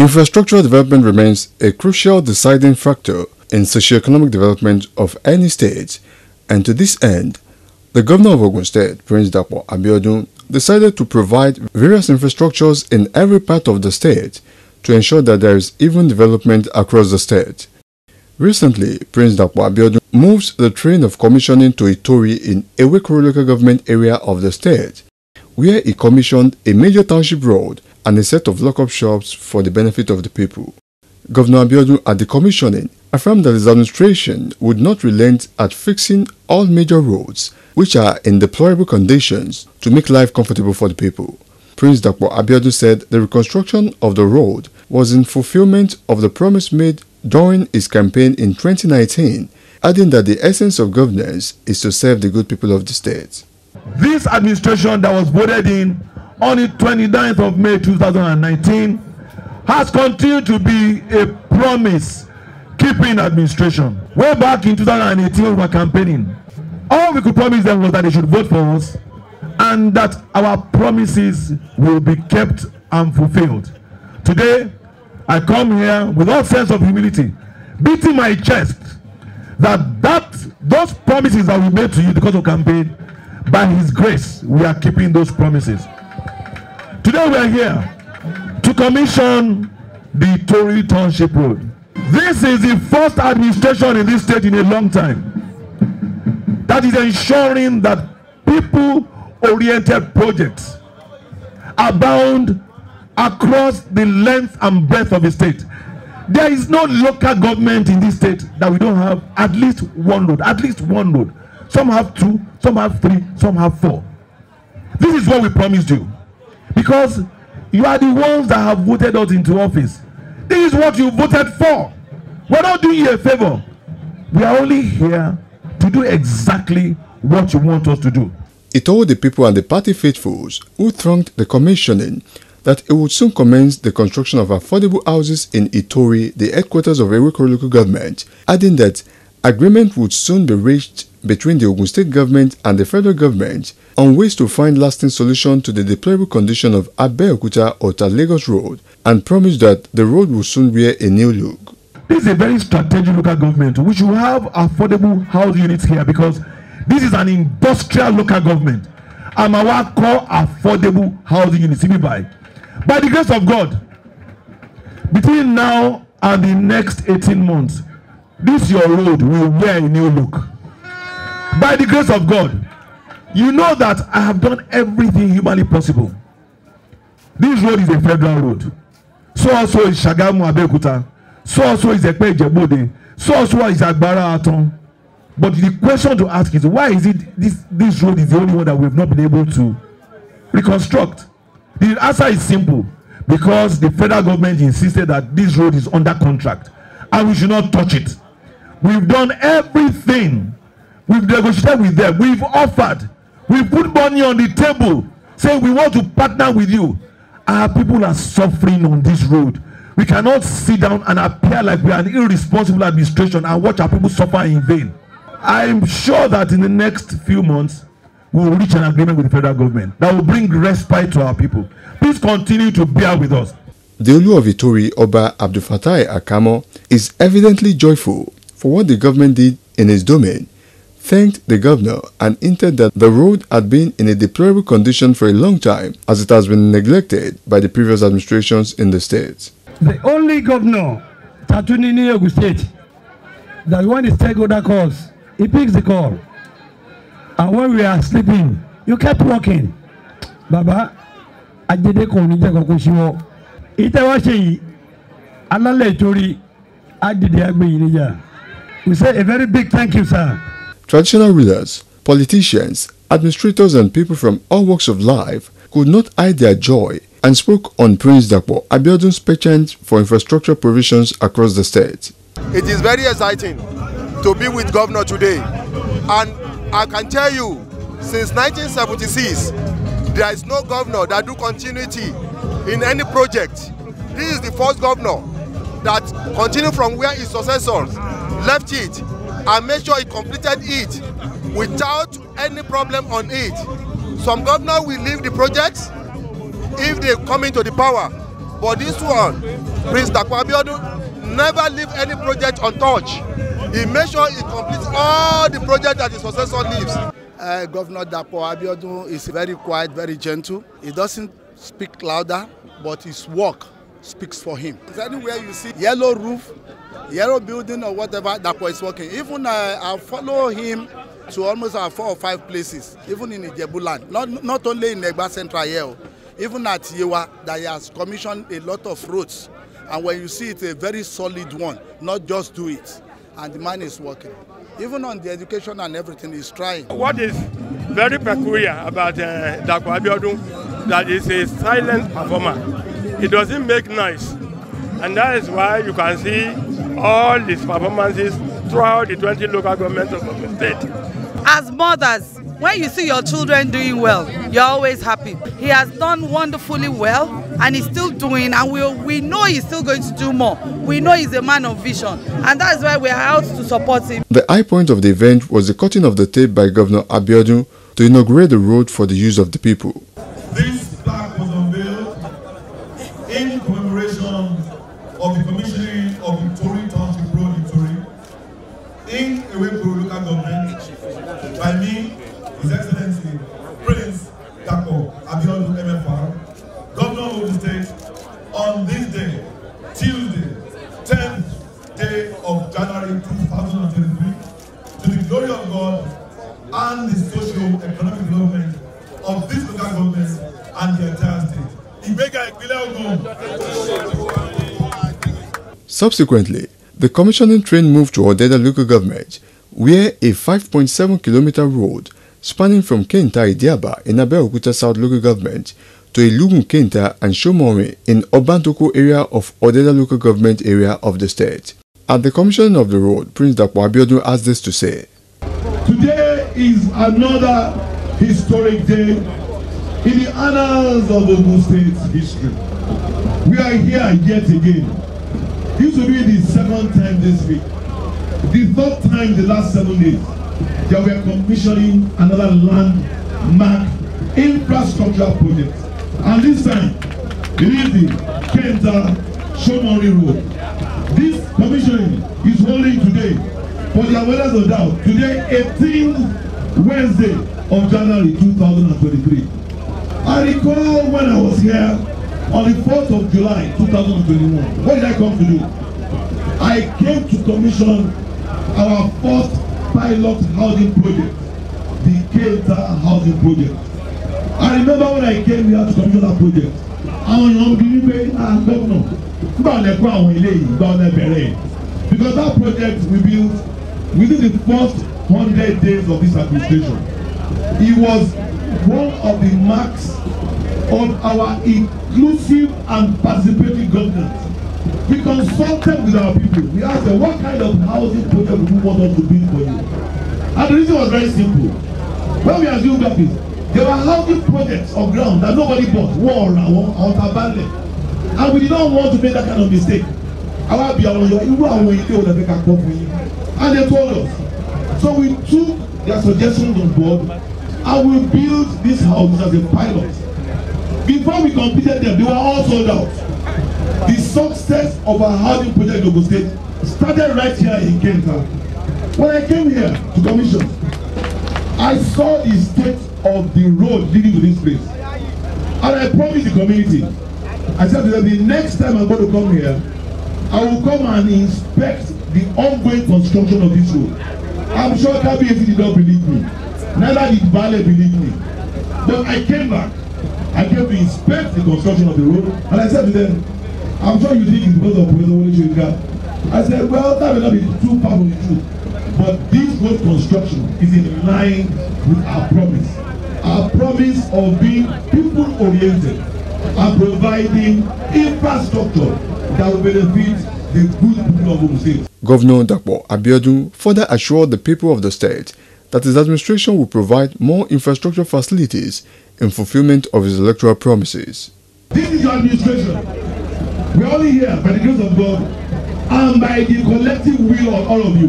Infrastructural development remains a crucial deciding factor in socio-economic development of any state, and to this end, the governor of Ogun State, Prince Dapo Abiodun, decided to provide various infrastructures in every part of the state to ensure that there is even development across the state. Recently, Prince Dapo Abiodun moves the train of commissioning to Itori in Ewekuru local government area of the state, where he commissioned a major township road and a set of lock-up shops for the benefit of the people. Governor Abiodun at the commissioning affirmed that his administration would not relent at fixing all major roads which are in deplorable conditions to make life comfortable for the people. Prince Dapo Abiodun said the reconstruction of the road was in fulfillment of the promise made during his campaign in 2019, adding that the essence of governance is to serve the good people of the state. This administration that was voted in on the 29th of May 2019 has continued to be a promise keeping administration. Way back in 2018 we were campaigning. All we could promise them was that they should vote for us and that our promises will be kept and fulfilled. Today, I come here with all sense of humility, beating my chest that that those promises that we made to you because of campaign, by His grace, we are keeping those promises. Today we are here to commission the Tory Township Road. This is the first administration in this state in a long time that is ensuring that people-oriented projects abound across the length and breadth of the state. There is no local government in this state that we don't have at least one road, at least one road. Some have two, some have three, some have four. This is what we promised you. Because you are the ones that have voted us into office. This is what you voted for. We're not doing you a favor. We are only here to do exactly what you want us to do. He told the people and the party faithfuls who thronged the commissioning that it would soon commence the construction of affordable houses in Itori, the headquarters of a local government, adding that agreement would soon be reached between the Ogun state government and the federal government on ways to find lasting solution to the deplorable condition of Abeokuta-Ota Lagos Road and promised that the road will soon wear a new look. This is a very strategic local government. We should have affordable housing units here because this is an industrial local government. I'm Amawa call affordable housing units. By the grace of God, between now and the next 18 months, this your road will wear a new look. By the grace of God, You know that I have done everything humanly possible. This road is a federal road. So also is Shagamu Abeokuta. So also is Epe Ijebode. So also is Agbara Aton. But the question to ask is why is it this this road is the only one that we have not been able to reconstruct? The answer is simple because the federal government insisted that this road is under contract and we should not touch it. We've done everything. We've negotiated with them. We've offered. We put money on the table, say we want to partner with you. Our people are suffering on this road. We cannot sit down and appear like we are an irresponsible administration and watch our people suffer in vain. I am sure that in the next few months, we will reach an agreement with the federal government that will bring respite to our people. Please continue to bear with us. The Olu of Ituri, Oba Abdul Fatai Akamo, is evidently joyful for what the government did in his domain thanked the governor and hinted that the road had been in a deplorable condition for a long time as it has been neglected by the previous administrations in the state. The only governor, Tatuni Niyogu State, that when the stakeholder calls, he picks the call. And when we are sleeping, you kept walking. Baba, Ajede Konija Kokoshiwo, Itawashi, Alale Tori, Adide Agbe We say a very big thank you, sir. Traditional rulers, politicians, administrators and people from all walks of life could not hide their joy and spoke on Prince Dapo Abiodun's patent for infrastructure provisions across the state. It is very exciting to be with governor today and I can tell you since 1976 there is no governor that do continuity in any project. This is the first governor that continue from where his successors left it I made sure he completed it without any problem on it. Some governors will leave the projects if they come into the power. But this one, Prince Dapo never leave any project untouched. He made sure he completes all the projects that his successor leaves. Uh, Governor Dapo Abiodun is very quiet, very gentle. He doesn't speak louder, but his work speaks for him. Anywhere you see yellow roof, yellow building or whatever, Dapo is working. Even I, uh, I follow him to almost uh, four or five places, even in Ijebuland. Not, not only in Egba Central here, oh. even at Yewa, that he has commissioned a lot of roads. And when you see it's a very solid one, not just do it. And the man is working. Even on the education and everything, he's trying. What is very peculiar about uh, Dapo Abiodun that is a silent performer. It doesn't make noise. And that is why you can see all these performances throughout the 20 local governments of the state. As mothers, when you see your children doing well, you're always happy. He has done wonderfully well and he's still doing and we, we know he's still going to do more. We know he's a man of vision and that is why we are out to support him. The high point of the event was the cutting of the tape by Governor Abiodun to inaugurate the road for the use of the people. Subsequently, the commissioning train moved to Odeda local government, where a 5.7 kilometer road spanning from Kenta Idiaba in Abeokuta South local government to Ilugun Kenta and Shomori in Obantoko area of Odeda local government area of the state. At the commissioning of the road, Prince Dapo has this to say. Today is another historic day in the annals of the State's history. We are here yet again You should do it the second time this week. The third time the last seven days, they were commissioning another landmark infrastructure project. And this time, it is the Kenta Shomori Road. This commissioning is holding today. For the awareness of doubt, today 18th Wednesday of January 2023. I recall when I was here on the 4th of July 2021. What did I come to do? I came to commission our first pilot housing project, the Kelta housing project. I remember when I came here to commission that project, àwọn èèyàn bí wípé ah gómìnà nígbà lẹ́kọ́ àwọn ilé yìí gbà ọ̀nà ìbẹ̀rẹ̀ yìí because that project we built within the first hundred days of this administration. It was one of the marks Of our inclusive and participatory government, We consulted with our people. We asked them what kind of housing project would you want us to build for you? And the reason was very simple. When we assumed that is, there were housing projects on ground that nobody bought, war or or abandoned. And we did not want to make that kind of mistake. Àwọn àbí àwọn ọ̀yọ́ irú àwọn ilé wo lẹ́fẹ̀ẹ́ ká gbọ́ And they told us. So we took their suggestions on board and we built these houses as a pilot. Before we completed them, they were all sold out. The success of our housing project in Ogun State started right here in Kent. When I came here to commission, I saw the state of the road leading to this place. And I promised the community, I said to them, the next time I'm going to come here, I will come and inspect the ongoing construction of this road. I'm sure KBAC did not believe me. Neither did Bale believe me. But I came back I came to inspect the construction of the road and I said to them, I'm sure you think it's because of Professor Wole Soyinka. I said, well, that may not be too far from the truth, but this road construction is in line with our promise. Our promise of being people-oriented and providing infrastructure that will benefit the good people of Ogun State. Governor Dapo Abiodun further assured the people of the state that his administration will provide more infrastructure facilities in fulfillment of his electoral promises. This is your administration. We are only here by the grace of God and by the collective will of all of you.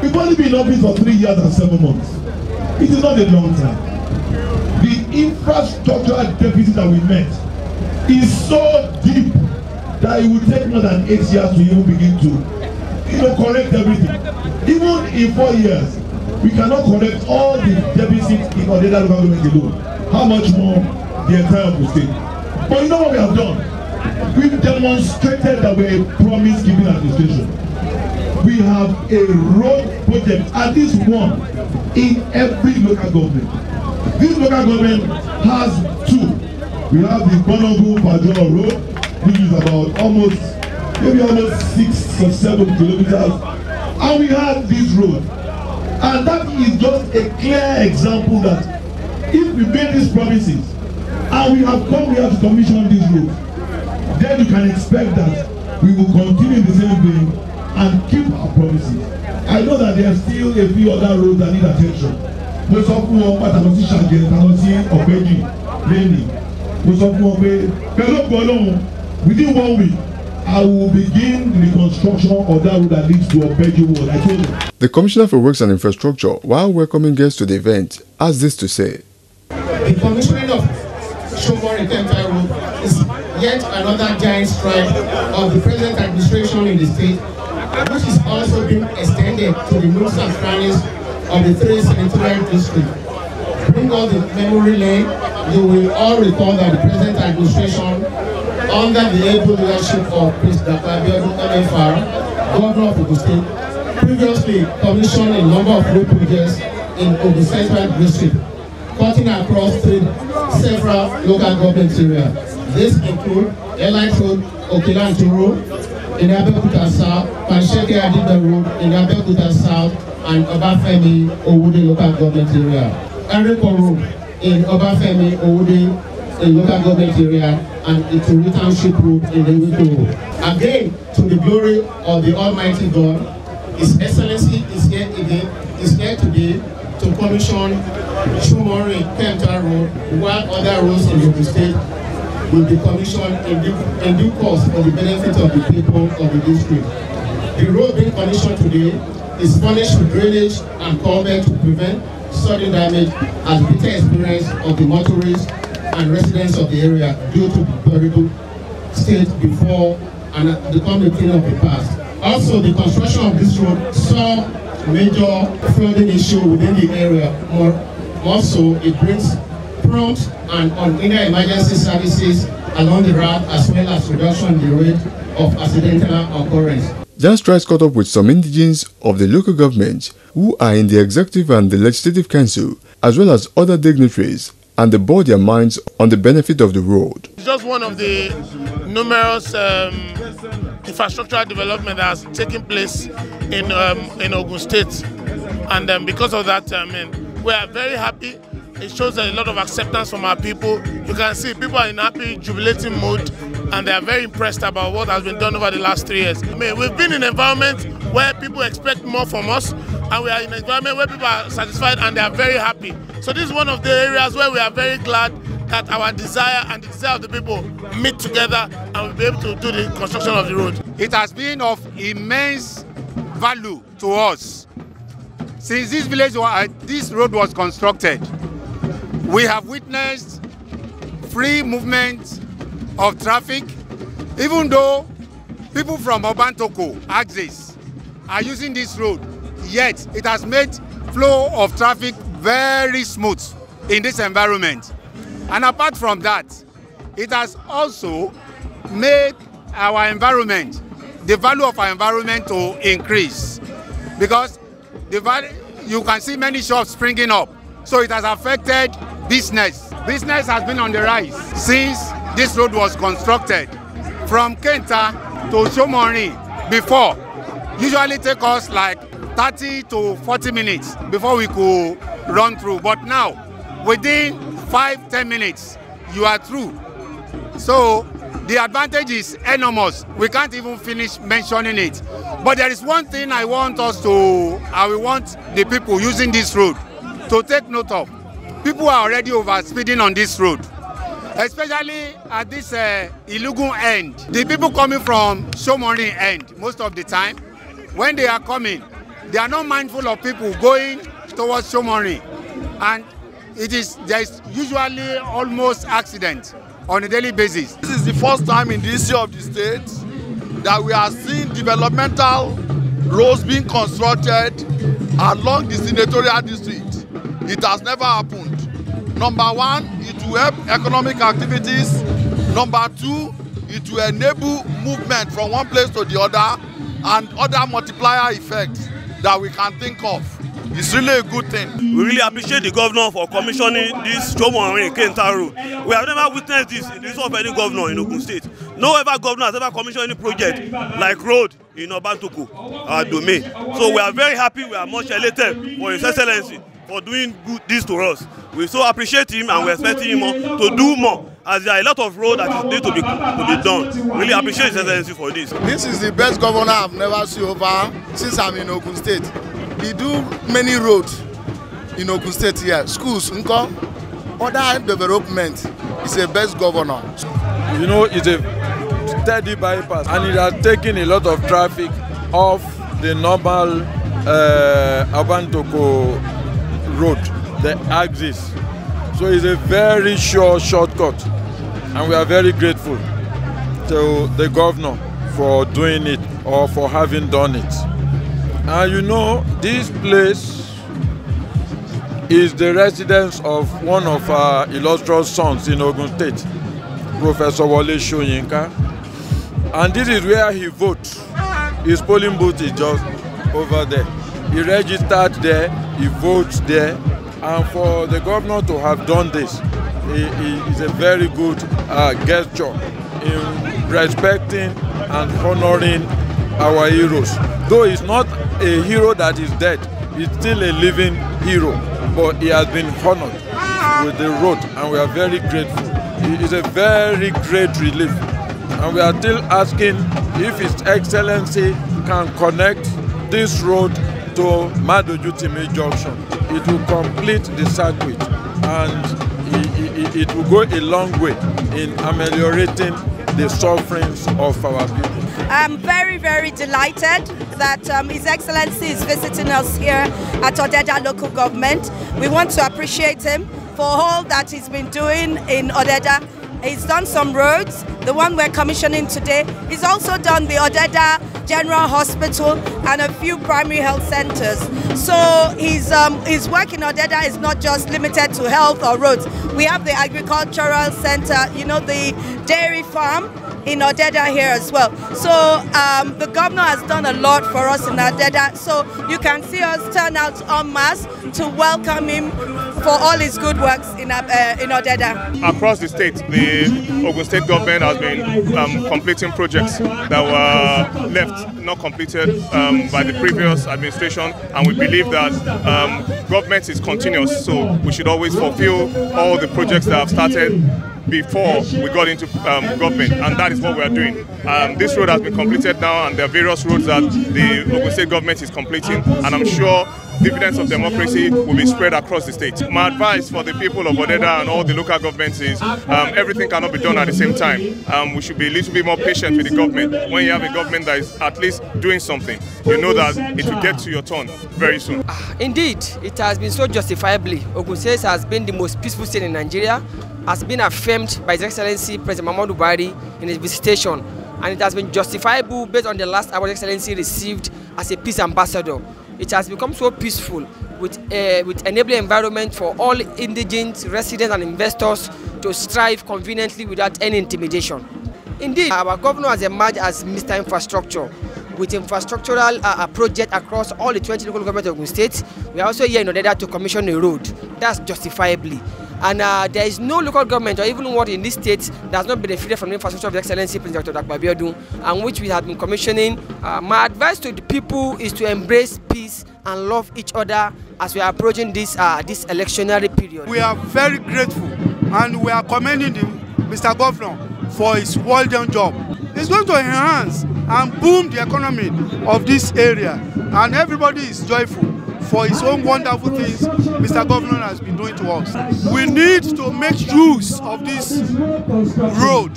We've only been in office for three years and seven months. It is not a long time. The infrastructural deficit that we met is so deep that it will take more than eight years to even begin to you know correct everything. Even in four years, we cannot correct all the deficits in ordinary government alone how much more the entire Ogun State. But you know what we have done? We've demonstrated that we're a promise-giving administration. We have a road project, at least one, in every local government. This local government has two. We have the Bonobo Bajola Road, which is about almost, maybe almost six or seven kilometers. And we have this road. And that is just a clear example that if we made these promises and we have come here to commission this road then you can expect that we will continue the same vein and keep our promises i know that there are still a few other roads that need attention mo sọ fún wọn pàtàkì sí ṣàjẹ tàbí sí ọgbẹjì lẹni mo sọ fún wọn pé pẹ̀lú ògbọ Ọlọ́run within one week I will begin the construction of that road that leads to Obeju Wall. I told him. The Commissioner for Works and Infrastructure, while welcoming guests to the event, has this to say the commissioning of Shomori Kempairu is yet another giant strike of the present administration in the state, which is also being extended to the most and of the three senatorial districts bring all the memory lane, you will all recall that the present administration, under the able leadership of Prince Dababiodun MFR, governor of the State, previously commissioned a number of road projects in Ogun Central District cutting across three, several local government areas. This include Airline Road, Okilantu Road, in Abeokuta South, Pansheke Adibe Road, in Abeokuta South, and Obafemi Owode local government area. Arepo Road in Obafemi Owode in local government area and Ituri Township Road in Ewiko. Again, to the glory of the Almighty God, His Excellency is here again, is here today to commission Shumori, Kenta Road, while other roads in the State will be commissioned in due, course for the benefit of the people of the district. The road being commissioned today is furnished with drainage and culvert to prevent sudden damage as bitter experience of the motorists and residents of the area due to the terrible state before and the a thing of the past. Also, the construction of this road saw major flooding issue within the area more More so, it brings prompt and on unhindered emergency services along the route as well as reduction the rate of accidental occurrence. Just tries caught up with some indigents of the local government who are in the executive and the legislative council, as well as other dignitaries, and they bore their minds on the benefit of the road. It's just one of the numerous um, infrastructural development that has taken place in um, in Ogun State, and um, because of that, I um, mean, We are very happy. It shows a lot of acceptance from our people. You can see people are in happy, jubilating mood, and they are very impressed about what has been done over the last three years. I mean, we've been in an environment where people expect more from us, and we are in an environment where people are satisfied and they are very happy. So this is one of the areas where we are very glad that our desire and the desire of the people meet together and we'll be able to do the construction of the road. It has been of immense value to us Since this village, uh, this road was constructed, we have witnessed free movement of traffic, even though people from Obantoko, Axis, are using this road, yet it has made flow of traffic very smooth in this environment. And apart from that, it has also made our environment, the value of our environment to increase. Because The you can see many shops springing up. So it has affected business. Business has been on the rise since this road was constructed. From Kenta to Shomori before usually take us like 30 to 40 minutes before we could run through. But now within 5-10 minutes you are through. So The advantage is enormous. We can't even finish mentioning it. But there is one thing I want us to, I will want the people using this road to take note of. People are already over speeding on this road, especially at this uh, Ilugun end. The people coming from Shomori end, most of the time, when they are coming, they are not mindful of people going towards Shomori. And it is, there is usually almost accidents on a daily basis. This is the first time in the history of the state that we are seeing developmental roads being constructed along the senatorial district. It has never happened. Number one, it will help economic activities. Number two, it will enable movement from one place to the other and other multiplier effects that we can think of. It's really a good thing. We really appreciate the governor for commissioning this Jomori Kenta road. We have never witnessed this in this of any governor in Ogun State. No ever governor has ever commissioned any project like road in Obantoko, our uh, domain. So we are very happy, we are much elated for His Excellency for doing good this to us. We so appreciate him and we expect him more, to do more as there are a lot of road that need to be, to be done. Really appreciate His Excellency for this. This is the best governor I've never seen over since I'm in Ogun State. We do many roads in ogun state here schools nko other development he's a best governor. you know it's a steady bypass and it has taken a lot of traffic off the normal uh, abantoko road the axis so it's a very sure shortcut and we are very grateful to the governor for doing it or for having done it. And you know, this place is the residence of one of our illustrious sons in Ogun State, Professor Wale Shoyinka. And this is where he votes. His polling booth is just over there. He registered there, he votes there. And for the governor to have done this is a very good uh, gesture in respecting and honoring our heroes. Though he's not a hero that is dead, he's still a living hero, but he has been honored with the road, and we are very grateful. It is a very great relief, and we are still asking if His Excellency can connect this road to Madojutimi Junction. It will complete the circuit, and it will go a long way in ameliorating the sufferings of our people. I'm very, very delighted that um, His Excellency is visiting us here at Odeda Local Government. We want to appreciate him for all that he's been doing in Odeda. He's done some roads, the one we're commissioning today. He's also done the Odeda General Hospital and a few primary health centers. So his, um, his work in Odeda is not just limited to health or roads. We have the agricultural center, you know, the dairy farm, in Odeda here as well. So um, the governor has done a lot for us in Odeda. So you can see us turn out en masse to welcome him for all his good works in, uh, in Odeda. Across the state, the Ogun State government has been um, completing projects that were left not completed um, by the previous administration and we believe that um, government is continuous so we should always fulfill all the projects that have started before we got into um, government, and that is what we are doing. Um, this road has been completed now, and there are various roads that the Ogun State government is completing, and I'm sure dividends of democracy will be spread across the state. My advice for the people of Odeda and all the local governments is um, everything cannot be done at the same time. Um, we should be a little bit more patient with the government. When you have a government that is at least doing something, you know that it will get to your turn very soon. Ah, indeed, it has been so justifiably. Ogun State has been the most peaceful state in Nigeria, has been affirmed by His Excellency President Mahmoud Buhari in his visitation, and it has been justifiable based on the last award Excellency received as a peace ambassador it has become so peaceful with, uh, with enabling environment for all indigent residents and investors to strive conveniently without any intimidation. Indeed, our governor has emerged as Mr. Infrastructure with infrastructural uh, uh, project across all the 20 local government of the state. We are also here in order to commission a road. That's justifiably. And uh, there is no local government or even what in this state that has not benefited from the infrastructure of the excellency President Dr. Agbabiodun and which we have been commissioning. Uh, my advice to the people is to embrace peace and love each other as we are approaching this uh, this electionary period. We are very grateful and we are commending the, Mr. Governor for his well done job. It's going to enhance and boom the economy of this area and everybody is joyful. for his own wonderful things Mr. Governor has been doing to us. We need to make use of this road.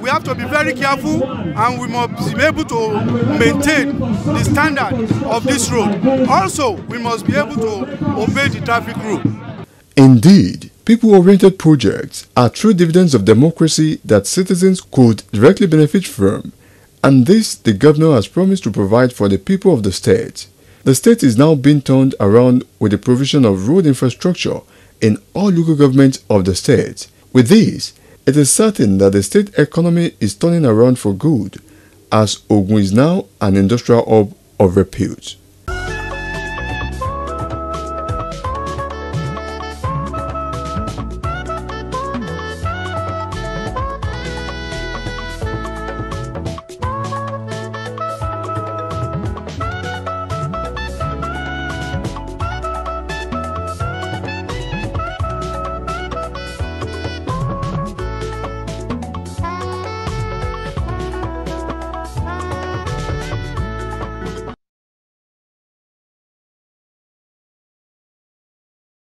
We have to be very careful and we must be able to maintain the standard of this road. Also, we must be able to obey the traffic rule. Indeed, people-oriented projects are true dividends of democracy that citizens could directly benefit from, and this the governor has promised to provide for the people of the state. The state is now being turned around with the provision of road infrastructure in all local governments of the state. With this, it is certain that the state economy is turning around for good, as Ogun is now an industrial hub of repute.